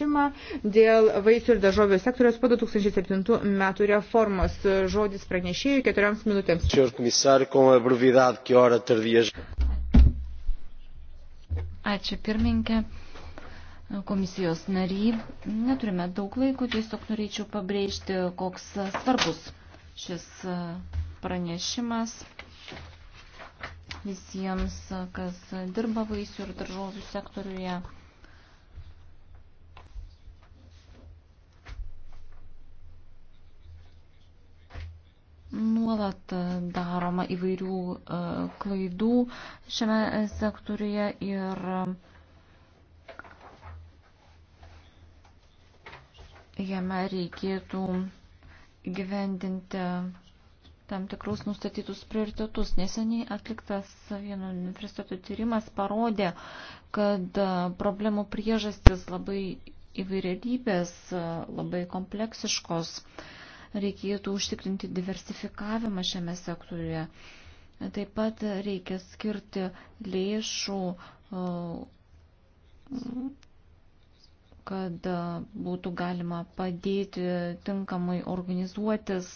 pranešimą dėl vaisių ir daržovių sektoriaus po 2007 metų reformos. Žodis pranešėjų keturioms minutėms. Ačiū pirmininkė, komisijos nary. Neturime daug laiko, tiesiog norėčiau pabrėžti, koks svarbus šis pranešimas visiems, kas dirba vaisių ir daržovių sektoriuje. nuolat e, daroma įvairių e, klaidų šiame sektoriuje ir e, jame reikėtų gyvendinti tam tikrus nustatytus prioritetus. Neseniai atliktas vieno universiteto tyrimas parodė, kad problemų priežastis labai įvairialybės, labai kompleksiškos reikėtų užtikrinti diversifikavimą šiame sektoriuje. Taip pat reikia skirti lėšų, kad būtų galima padėti tinkamai organizuotis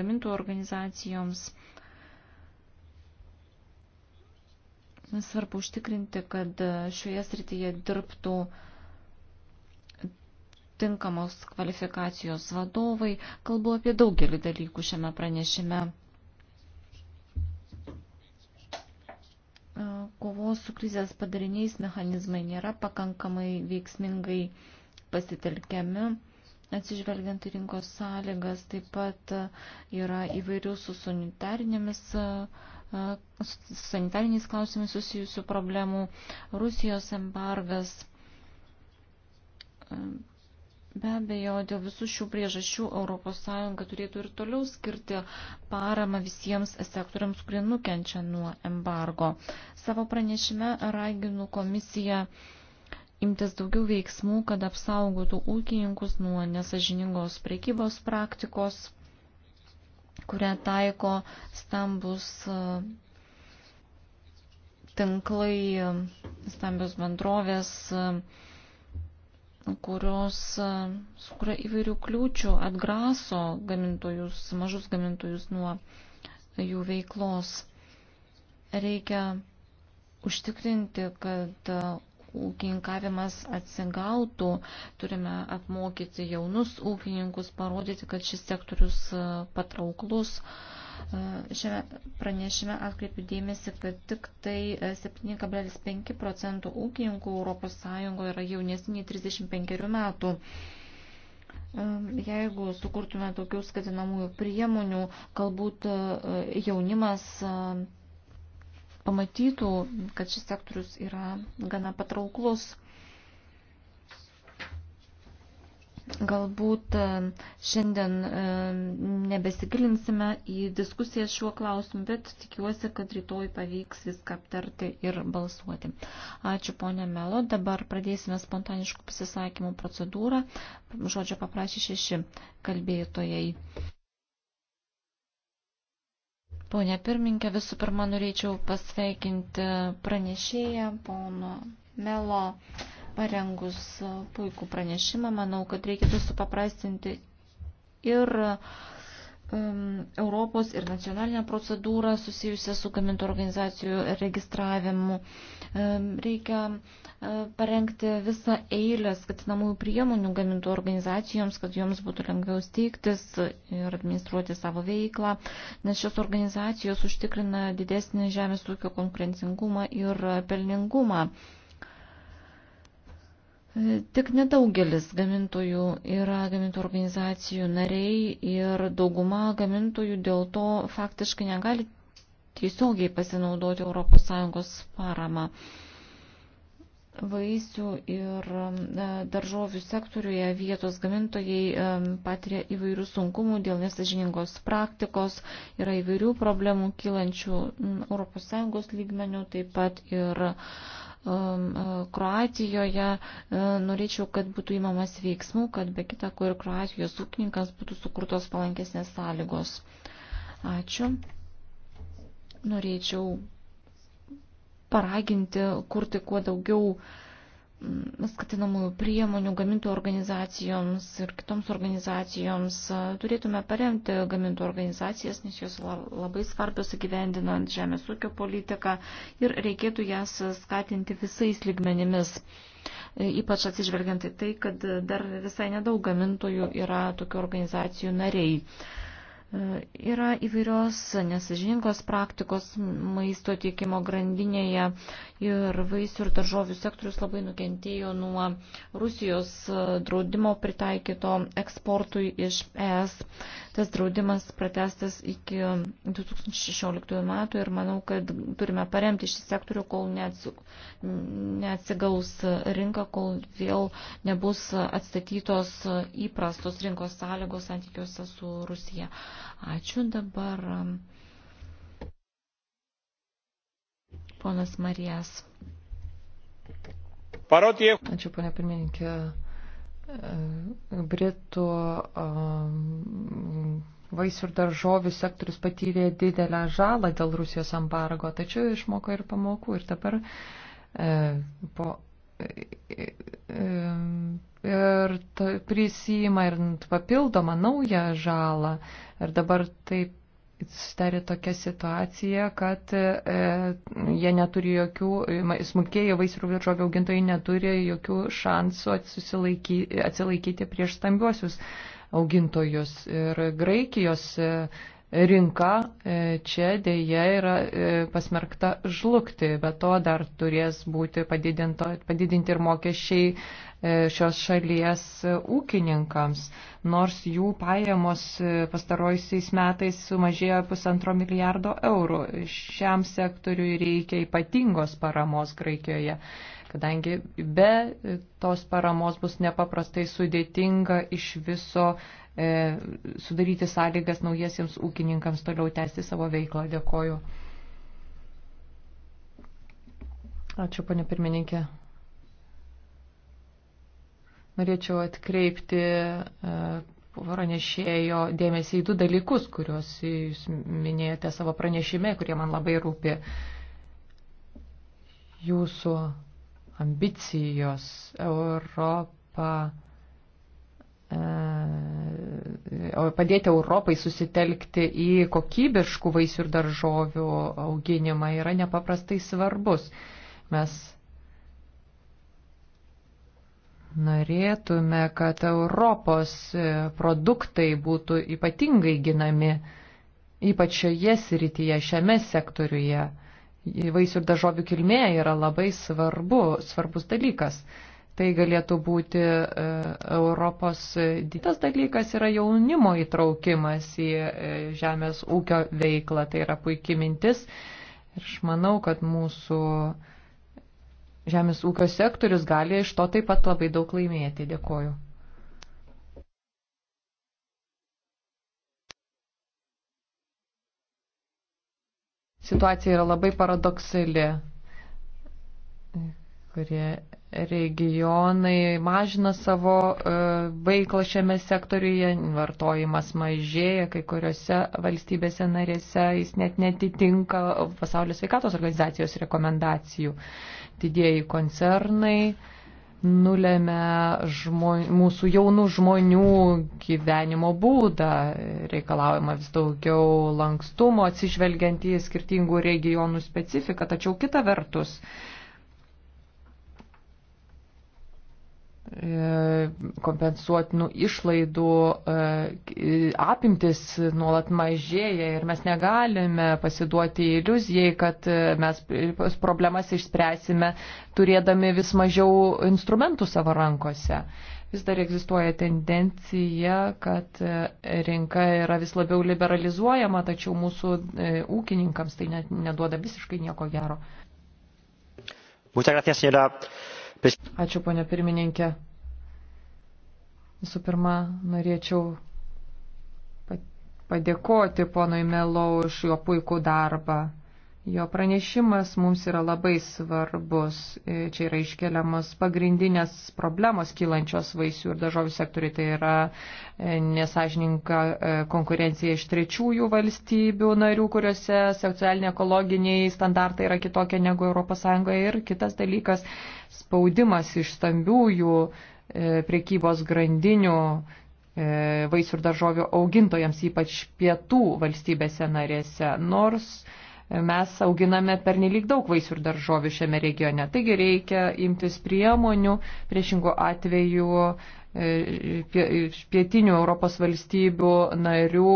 gamintų organizacijoms. Svarbu užtikrinti, kad šioje srityje dirbtų uh, tinkamos kvalifikacijos vadovai. Kalbu apie daugelį dalykų šiame pranešime. Kovos su krizės padariniais mechanizmai nėra pakankamai veiksmingai pasitelkiami, atsižvelgiant į rinkos sąlygas, taip pat yra įvairių su sanitarinėmis sanitariniais klausimais susijusių problemų, Rusijos embargas, Be abejo, dėl visų šių priežasčių ES turėtų ir toliau skirti paramą visiems sektoriams, kurie nukenčia nuo embargo. Savo pranešime raginu komisiją imtis daugiau veiksmų, kad apsaugotų ūkininkus nuo nesažiningos prekybos praktikos, kurią taiko stambus tinklai, stambios bendrovės kurios e, sukuria įvairių kliūčių, atgraso gamintojus, mažus gamintojus nuo jų veiklos. Reikia užtikrinti, kad e, ūkininkavimas atsigautų, turime apmokyti jaunus ūkininkus, parodyti, kad šis sektorius e, patrauklus. Uh, Šiame pranešime atkreipiu dėmesį, kad tik tai 7,5 e, procentų ūkininkų ES yra jaunesniai 35 metų. E, jeigu sukurtume tokių skatinamųjų priemonių, galbūt e, jaunimas pamatytų, kad šis sektorius yra gana patrauklus. Galbūt e, šiandien e, nebesigilinsime į diskusiją šiuo klausimu, bet tikiuosi, kad rytoj pavyks viską aptarti ir balsuoti. Ačiū ponė Melo. Dabar pradėsime spontaniškų pasisakymų procedūrą. Žodžio paprašė šeši kalbėtojai. Pone pirmininkė, visų pirma norėčiau pasveikinti pranešėją, pono Melo parengus puikų pranešimą. Manau, kad reikėtų supaprastinti ir um, Europos ir nacionalinę procedūrą susijusią su gamintų organizacijų registravimu. Um, reikia uh, parengti visą eilę skatinamųjų priemonių gamintų organizacijoms, kad joms būtų lengviau steigtis ir administruoti savo veiklą, nes šios organizacijos užtikrina didesnį žemės ūkio konkurencingumą ir pelningumą. Um, Tik nedaugelis gamintojų yra gamintojų organizacijų nariai ir dauguma gamintojų dėl to faktiškai negali tiesiogiai pasinaudoti ES paramą. Vaisių ir e, daržovių sektoriuje vietos gamintojai e, patiria įvairių sunkumų dėl nesažiningos praktikos, yra įvairių problemų kylančių ES lygmenių, taip pat ir uh, Kroatijoje norėčiau, kad būtų įmamas veiksmų, kad be kita, kur Kroatijos ūkininkams būtų sukurtos palankesnės sąlygos. Ačiū. Norėčiau paraginti kurti kuo daugiau uh, Mm, skatinamųjų priemonių gamintų organizacijoms ir kitoms organizacijoms. Turėtume paremti gamintų organizacijas, nes jos labai svarbios įgyvendinant žemės ūkio politiką ir reikėtų jas skatinti visais ligmenimis. E, ypač atsižvelgiant į tai, kad dar visai nedaug gamintojų yra tokių organizacijų nariai. Yra įvairios nesažingos praktikos maisto tiekimo grandinėje ir vaisių ir daržovių sektorius labai nukentėjo nuo Rusijos draudimo pritaikyto eksportui iš ES. Tas draudimas pratestas iki 2016 metų ir manau, kad turime paremti šį sektorių, kol neatsigaus rinka, kol vėl nebus atstatytos įprastos rinkos sąlygos santykiuose su Rusija. Uh, Ačiū dabar. Um, ponas Marijas. Parodė. Ačiū, ponia pirmininkė. E, Britų um, vaisių ir daržovių sektorius patyrė didelę žalą dėl Rusijos embargo, tačiau išmoko ir pamokų. Ir dabar e, po e, ir prisima ir papildomą naują žalą. Ir dabar taip susidarė tokia situacija, kad e, jie neturi jokių, smulkėjai vaisių ir žogių augintojai neturi jokių šansų atsilaikyti prieš stambiuosius augintojus. Ir Graikijos e, rinka e, čia dėje yra e, pasmerkta žlugti, bet to dar turės būti padidinti ir mokesčiai E, šios šalies ūkininkams, nors jų pajamos e, pastaroisiais metais sumažėjo pusantro milijardo eurų. Šiam sektoriui reikia ypatingos paramos Graikijoje, kadangi be tos paramos bus nepaprastai sudėtinga iš viso e, sudaryti sąlygas naujiesiems ūkininkams toliau tęsti savo veiklą. Dėkoju. Ačiū, ponė pirmininkė. Norėčiau atkreipti e, pranešėjo dėmesį į du dalykus, kuriuos jūs minėjote savo pranešime, kurie man labai rūpi. Jūsų ambicijos Europą e, padėti Europai susitelkti į kokybiškų vaisių ir daržovių auginimą yra nepaprastai svarbus. Mes Norėtume, kad Europos produktai būtų ypatingai ginami, ypač šioje srityje, šiame sektoriuje. Vaisių ir dažovių kilmė yra labai svarbu, svarbus dalykas. Tai galėtų būti e, Europos didytas dalykas yra jaunimo įtraukimas į e, žemės ūkio veiklą. Tai yra puikia mintis. Ir aš manau, kad mūsų uh, Žemės ūkio sektorius gali iš to taip pat labai daug laimėti. Dėkoju. Situacija yra labai paradoksali, kurie regionai mažina savo e, veiklą šiame sektoriuje, vartojimas mažėja, kai kuriuose valstybėse narėse jis net netitinka pasaulio sveikatos organizacijos rekomendacijų. Didieji koncernai nulėmė žmon, mūsų jaunų žmonių gyvenimo būdą, reikalaujama vis daugiau lankstumo, atsižvelgiant į skirtingų regionų specifiką, tačiau kita vertus, uh, E, kompensuotinų išlaidų e, apimtis nuolat mažėja ir mes negalime pasiduoti iliuzijai, kad e, mes problemas išspręsime turėdami vis mažiau instrumentų savo rankose. Vis dar egzistuoja tendencija, kad rinka yra vis labiau liberalizuojama, tačiau mūsų ūkininkams tai net neduoda visiškai nieko gero. Muchas gracias, señora Ačiū, ponė pirmininkė. Visų pirma, norėčiau padėkoti ponui Melo už jo puikų darbą. Jo pranešimas mums yra labai svarbus. E, čia yra iškeliamas pagrindinės problemos kylančios vaisių ir daržovių sektoriai. Tai yra e, nesažininka e, konkurencija iš trečiųjų valstybių narių, kuriuose socialiniai ekologiniai standartai yra kitokie negu ES. Ir kitas dalykas - spaudimas iš stambiųjų priekybos grandinių vaisių ir daržovių augintojams, ypač pietų valstybėse narėse. Nors mes auginame pernelyg daug vaisių ir daržovių šiame regione. Taigi reikia imtis priemonių, priešingų atvejų e, pietinių Europos valstybių narių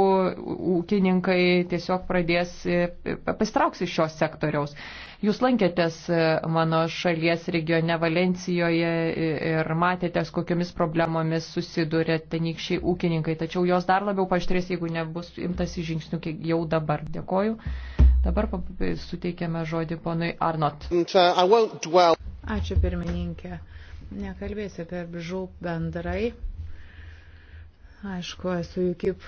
ūkininkai tiesiog pradės e, pastrauks iš šios sektoriaus. Jūs lankėtės e, mano šalies regione Valencijoje ir matėtės, kokiamis problemomis susidūrė tenykščiai ūkininkai, tačiau jos dar labiau paštrės, jeigu nebus imtasi žingsnių jau dabar. Dėkoju. Dabar suteikiame žodį ponui Arnot. Ačiū pirmininkė. Nekalbėsiu apie BŽUP bendrai. Aišku, esu jų kaip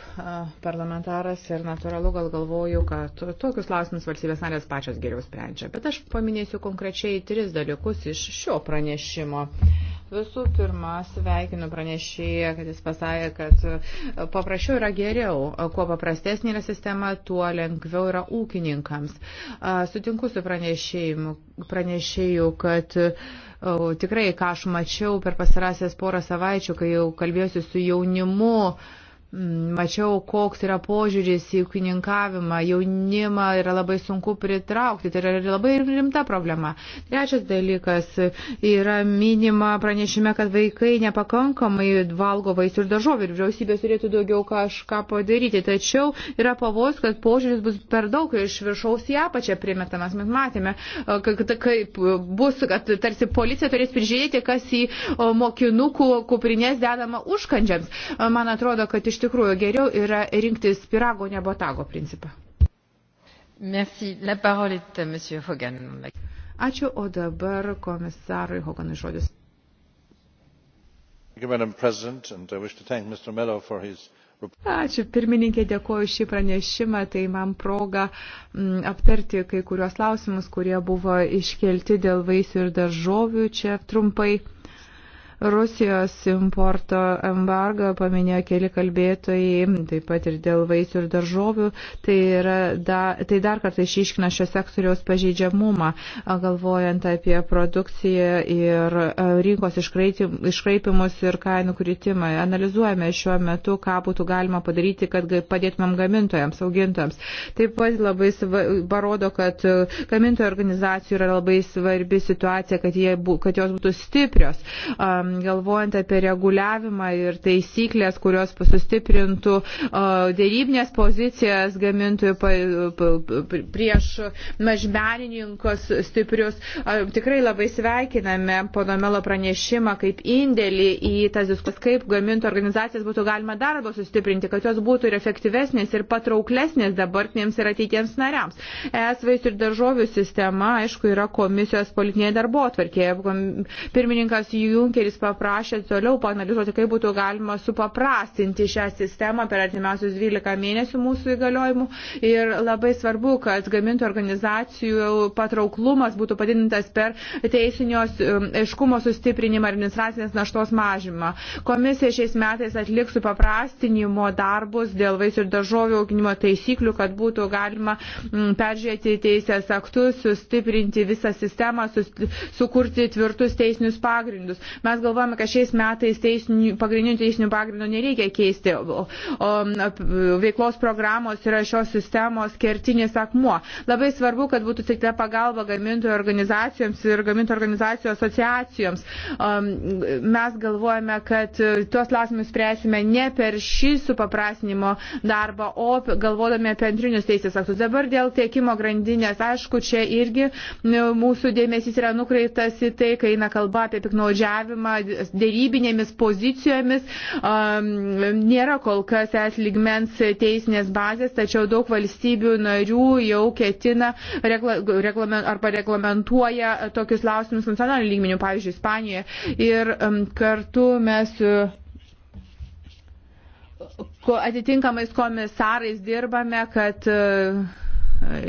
parlamentaras ir natūralu gal galvoju, kad tokius klausimus valstybės narės pačios geriau sprendžia. Bet aš paminėsiu konkrečiai tris dalykus iš šio pranešimo. Uh, Visų pirma, sveikinu pranešėją, kad jis pasakė, kad e, paprasčiau yra geriau. Kuo paprastesnė yra sistema, tuo lengviau yra ūkininkams. Sutinku su pranešėju, kad e, tikrai, ką aš mačiau per pasarąsias porą savaičių, kai jau kalbėsiu su jaunimu, Mm, mačiau, koks yra požiūris į ūkininkavimą, jaunimą yra labai sunku pritraukti, tai yra labai rimta problema. Trečias dalykas yra minima pranešime, kad vaikai nepakankamai valgo vaisių ir daržovį ir vyriausybė turėtų daugiau kažką padaryti, tačiau yra pavojus, kad požiūris bus per daug iš viršaus į apačią primetamas. Mes matėme, kaip bus, kad tarsi policija turės prižiūrėti, kas į mokinukų kuprinės dedama užkandžiams. Man atrodo, kad iš iš tikrųjų geriau yra rinktis pirago ne botago principą. Merci. La parole est à monsieur Hogan. Ačiū, o dabar komisarui Hoganui žodis. Madam President, and I wish to thank Mr. Mello for his Ačiū pirmininkė, dėkoju šį pranešimą, tai man proga m, mm, aptarti kai kuriuos klausimus, kurie buvo iškelti dėl vaisių ir daržovių čia trumpai. Rusijos importo embargą paminėjo keli kalbėtojai, taip pat ir dėl vaisių ir daržovių. Tai, yra, da, tai dar kartą išiškina šio sektoriaus pažeidžiamumą, galvojant apie produkciją ir rinkos iškraipimus ir kainų kritimą. Analizuojame šiuo metu, ką būtų galima padaryti, kad padėtumėm gamintojams, augintojams. Taip pat labai parodo, kad gamintojų organizacijų yra labai svarbi situacija, kad, jie, kad jos būtų stiprios. Um, galvojant apie reguliavimą ir taisyklės, kurios sustiprintų dėrybinės pozicijas gamintojų prieš mažmenininkus stiprius. Tikrai labai sveikiname ponomelo pranešimą kaip indėlį į tas diskusijas, kaip gamintojų organizacijas būtų galima dar labiau sustiprinti, kad jos būtų ir efektyvesnės, ir patrauklesnės dabartiniams ir ateitiems nariams. Es vaisių ir daržovių sistema, aišku, yra komisijos politinėje darbo atvarkėje. Pirmininkas Junkeris paprašė toliau panalizuoti, kaip būtų galima supaprastinti šią sistemą per artimiausius 12 mėnesių mūsų įgaliojimų. Ir labai svarbu, kad gamintojų organizacijų patrauklumas būtų padidintas per teisinios um, aiškumo sustiprinimą ir administracinės naštos mažymą. Komisija šiais metais atliks supaprastinimo darbus dėl vaisių ir daržovių auginimo taisyklių, kad būtų galima mm, peržiūrėti teisės aktus, sustiprinti visą sistemą, sukurti tvirtus teisinius pagrindus. Mes gal galvojame, kad šiais metais teisinių, pagrindinių teisinių pagrindų nereikia keisti. O, o, veiklos programos yra šios sistemos kertinis akmuo. Labai svarbu, kad būtų teikta pagalba gamintojų organizacijoms ir gamintojų organizacijų asociacijoms. Um, mes galvojame, kad tuos klausimus spręsime ne per šį supaprasnimo darbą, o galvodami apie antrinius teisės aktus. Dabar dėl tiekimo grandinės, aišku, čia irgi nu, mūsų dėmesys yra nukreiptas į tai, kai eina kalba apie piknaudžiavimą dėrybinėmis pozicijomis. Nėra kol kas es ligmens teisinės bazės, tačiau daug valstybių narių jau ketina regla, reglament, arba reglamentuoja tokius lausimus nacionaliniu lygmeniu, pavyzdžiui, Ispanijoje. Ir kartu mes atitinkamais komisarais dirbame, kad uh,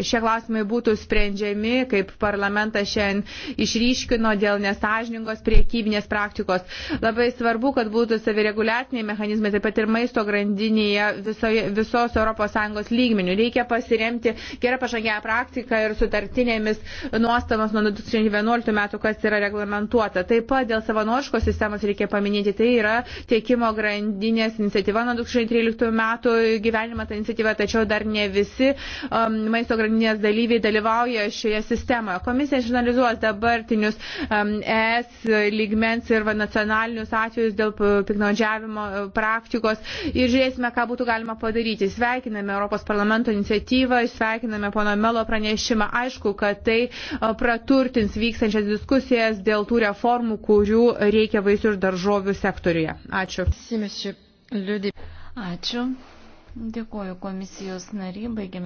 šie klausimai būtų sprendžiami, kaip parlamentas šiandien išryškino dėl nesažningos priekybinės praktikos. Labai svarbu, kad būtų savireguliaciniai mechanizmai, taip pat ir maisto grandinėje visoje, visos ES lygmenių. Reikia pasiremti gerą pažangę praktiką ir sutartinėmis nuostamas nuo 2011 metų, kas yra reglamentuota. Taip pat dėl savanoriškos sistemos reikia paminėti, tai yra tiekimo grandinės iniciatyva nuo 2013 metų gyvenimą tą iniciatyvą, tačiau dar ne visi um, maisto grandinės dalyviai dalyvauja šioje sistemoje. Komisija išanalizuos dabartinius um, ES lygmens ir nacionalinius atvejus dėl piknaudžiavimo e, praktikos ir žiūrėsime, ką būtų galima padaryti. Sveikiname Europos parlamento iniciatyvą, sveikiname pono Melo pranešimą. Aišku, kad tai e, praturtins vykstančias diskusijas dėl tų reformų, kurių reikia vaisių ir daržovių sektoriuje. Ačiū. Ačiū. Dėkuoju komisijos nariai. Baigiame.